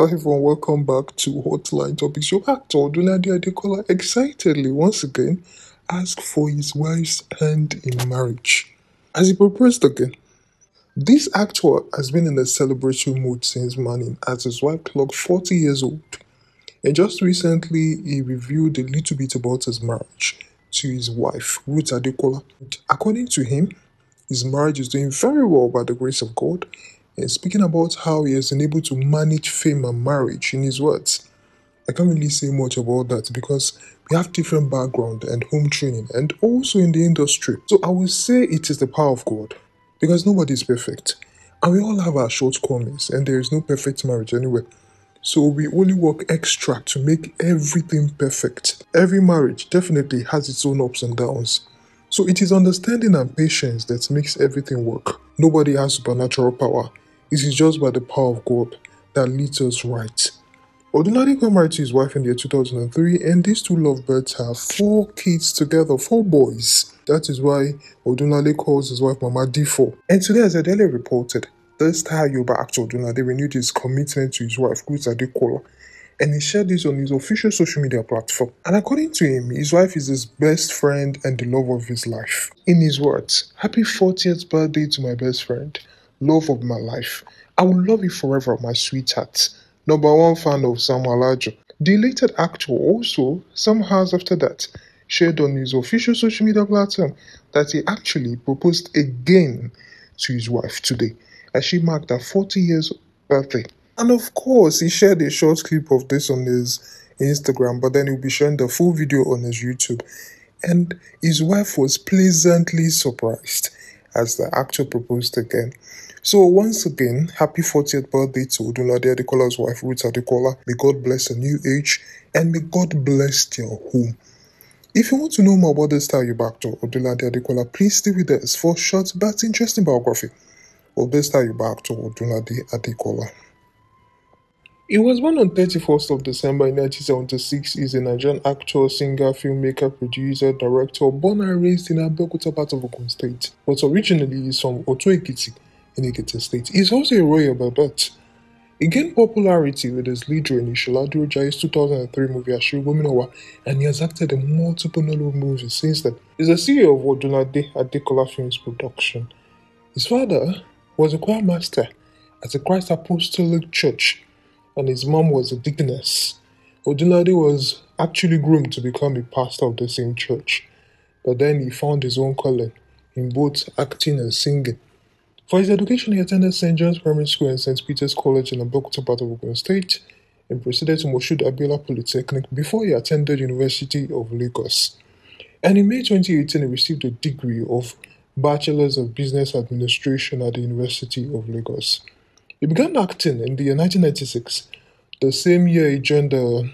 Hello everyone, welcome back to Hotline Topics. Your actor Dunadi Adekola excitedly once again asked for his wife's hand in marriage as he proposed again. This actor has been in a celebratory mood since morning as his wife clocked 40 years old. And just recently, he revealed a little bit about his marriage to his wife, Ruth Adekola. According to him, his marriage is doing very well by the grace of God speaking about how he has been able to manage fame and marriage in his words. I can't really say much about that because we have different background and home training and also in the industry. So I will say it is the power of God because nobody is perfect and we all have our shortcomings and there is no perfect marriage anyway. So we only work extra to make everything perfect. Every marriage definitely has its own ups and downs. So it is understanding and patience that makes everything work. Nobody has supernatural power. It is just by the power of God that leads us right. Odunlade got married to his wife in the year 2003, and these two lovebirds have four kids together, four boys. That is why Odunlade calls his wife Mama D4. And today, as Adele reported, the star Yoruba actor Odunlade renewed his commitment to his wife, Ruth Adekola, and he shared this on his official social media platform. And according to him, his wife is his best friend and the love of his life. In his words, Happy 40th birthday to my best friend love of my life. I will love you forever, my sweetheart. Number one fan of Sam Alajo. The elated actor also, some hours after that, shared on his official social media platform that he actually proposed again to his wife today as she marked her 40 years birthday. And of course, he shared a short clip of this on his Instagram, but then he'll be sharing the full video on his YouTube. And his wife was pleasantly surprised as the actor proposed again. So once again, happy 40th birthday to Odunlade Adekola's wife Ruth Adekola. May God bless a new age and may God bless your home. If you want to know more about the star you backed to Odunlade Adekola, please stay with us for a short but interesting biography of this star you backed to Odunlade Adekola. He was born on 31st of December 1976. He's a Nigerian actor, singer, filmmaker, producer, director, born and raised in Abeokuta, part of Ogun State, but originally he's from Otu in Ekiti State. He's also a Royal but He gained popularity with his lead role in Shola Jai's 2003 movie Ashiru Wominawa, and he has acted in multiple Nollywood movies since then. He's the CEO of Odunade Adekola Films Production. His father was a choir master at the Christ Apostolic Church, and his mom was a deaconess. Odunade was actually groomed to become a pastor of the same church, but then he found his own calling in both acting and singing. For his education, he attended St. John's Primary School and St. Peter's College in Abokuta, part of Ogun State, and proceeded to Moshood Abiola Polytechnic before he attended University of Lagos. And in May 2018, he received a degree of Bachelor's of Business Administration at the University of Lagos. He began acting in the year 1996. The same year, he joined the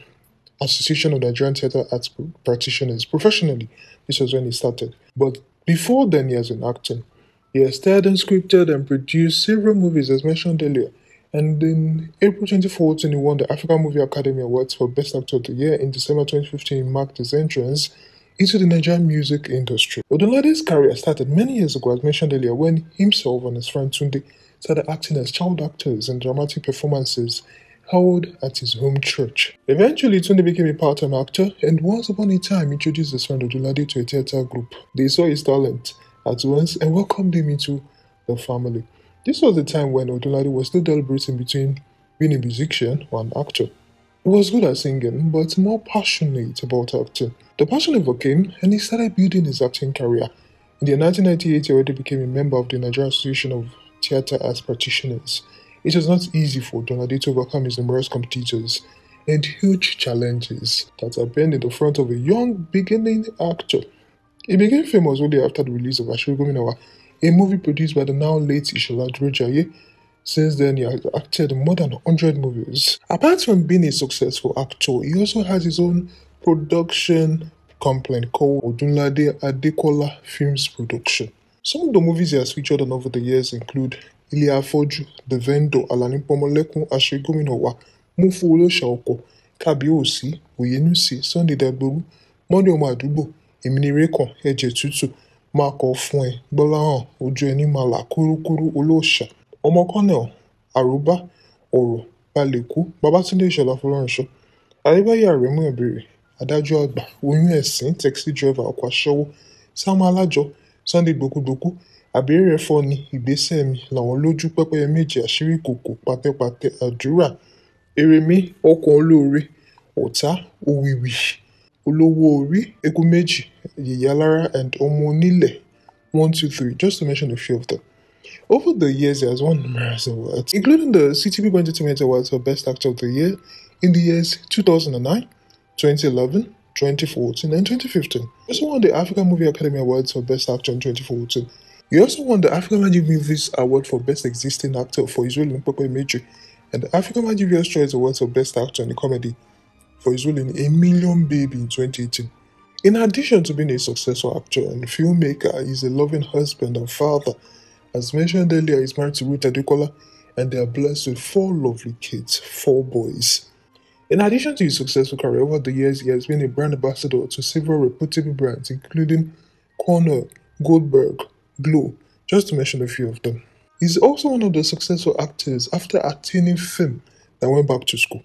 Association of Nigerian Theatre Arts Practitioners professionally. This was when he started. But before then, he has been acting. He has starred in scripted and produced several movies as mentioned earlier, and in April 2014 he won the African Movie Academy Awards for Best Actor of the Year. In December 2015 marked his entrance into the Nigerian music industry. Odunlade's career started many years ago as mentioned earlier when himself and his friend Tunde started acting as child actors in dramatic performances held at his home church. Eventually, Tunde became a part-time actor and once upon a time introduced his friend Odunlade to a theatre group. They saw his talent at once and welcomed him into the family. This was the time when Odunlade was still deliberating between being a musician or an actor. He was good at singing, but more passionate about acting. The passion overcame, and he started building his acting career. In the year 1998, he already became a member of the Nigerian Association of Theatre as Practitioners. It was not easy for Donade to overcome his numerous competitors and huge challenges that had been in the front of a young beginning actor. He became famous only after the release of Ashuri wa, a movie produced by the now late Ishola Drojaye. Since then, he has acted in more than 100 movies. Apart from being a successful actor, he also has his own production company called Odunlade Adekola Films Production. Some of the movies he has featured on over the years include Ilé Afọ́jú, The Vendo, Alani Pọmọlẹ́kún, Aṣegómìnàwá, Mufu Olóṣàọkọ, Kábíyèsí, Òyénúsì, Sunday Dabu, Monday Ọmọ Àdúgbò, Èmi ni Raekwon, ẹ̀jẹ̀ tútù, máa kọ fún ẹ. Gbọ́láhàn, ojú ẹni máa là kúrúkúrú olóòṣà. Ọmọ Colonel, Àróbá, ọ̀rọ̀, Bálekú, Babátúndé Ìṣọ̀lá Fọlọ́runṣọ́, Adébáyọ̀ Àrẹ̀mú Ẹ̀bẹ̀rẹ̀, Adájọ́ àgbà, Oyún Ẹ̀sín, Taxi driver, ọkọ̀ aṣẹ́wó, Sámú Alájọ, Sunday Igbogudoku, Àbẹ́rẹ́ rẹ̀ fọ́ ni, Ìgbésẹ̀ mi, Làwọn lójú, Pẹ́pẹ́yẹ méje, Àṣírí ìkòkò, Pàtẹ́pàtẹ́, Àdúrà, Eremí, Ọkàn olóore, Ọ̀tá, Òwìwí. Olowo Ori, Yalara, and Omonile 123, just to mention a few of them. Over the years, he has won numerous awards, including the CTV Entertainment Awards for Best Actor of the Year in the years 2009, 2011, 2014, and 2015. He also won the African Movie Academy Awards for Best Actor in 2014. He also won the African Magic Movies Award for Best Existing Actor for his role in Poco and the African Magic Viewers Choice Award for Best Actor in Comedy for ruling, a million baby in 2018. In addition to being a successful actor and filmmaker, he's a loving husband and father. As mentioned earlier, he's married to Ruth Adekola and they are blessed with four lovely kids, four boys. In addition to his successful career over the years, he has been a brand ambassador to several reputable brands, including Cornell, Goldberg, Glow, just to mention a few of them. He's also one of the successful actors after attaining fame that went back to school.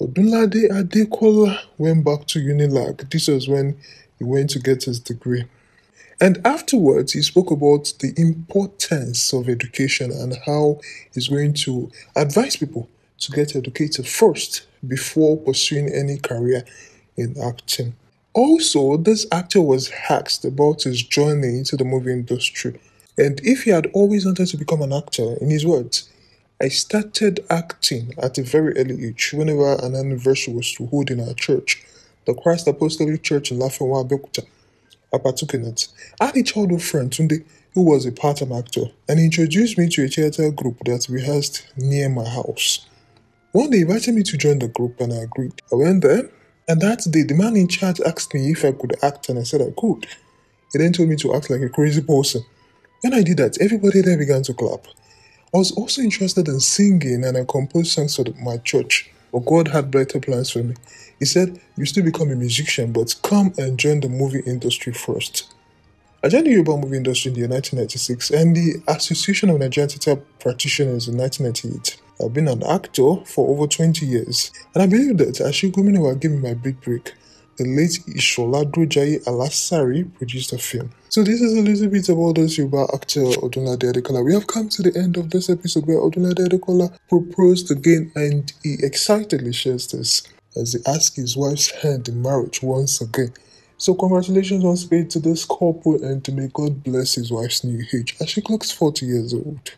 Odunlade Adekola went back to UNILAG. This was when he went to get his degree. And afterwards, he spoke about the importance of education and how he's going to advise people to get educated first before pursuing any career in acting. Also, this actor was asked about his journey into the movie industry and if he had always wanted to become an actor, in his words, I started acting at a very early age. Whenever an anniversary was to hold in our church, the Christ Apostolic Church in Lafayette, Abeokuta, I partook in it. I had a childhood friend, Tunde, who was a part-time actor, and introduced me to a theatre group that rehearsed near my house. One day, he invited me to join the group, and I agreed. I went there, and that day, the man in charge asked me if I could act, and I said I could. He then told me to act like a crazy person. When I did that, everybody there began to clap. I was also interested in singing and I composed songs for my church, but God had better plans for me. He said, You still become a musician, but come and join the movie industry first. I joined the Yoruba movie industry in the year 1996 and the Association of Nigerian Theatre Practitioners in 1998. I've been an actor for over 20 years, and I believe that Ashigumina will give me my big break the late Isholadrojaye Alasari produced the film. So this is a little bit about the Yoruba actor Odunlade Adekola. We have come to the end of this episode where Odunlade Adekola proposed again and he excitedly shares this as he asks his wife's hand in marriage once again. So congratulations once again to this couple and may God bless his wife's new age as she clocks 40 years old.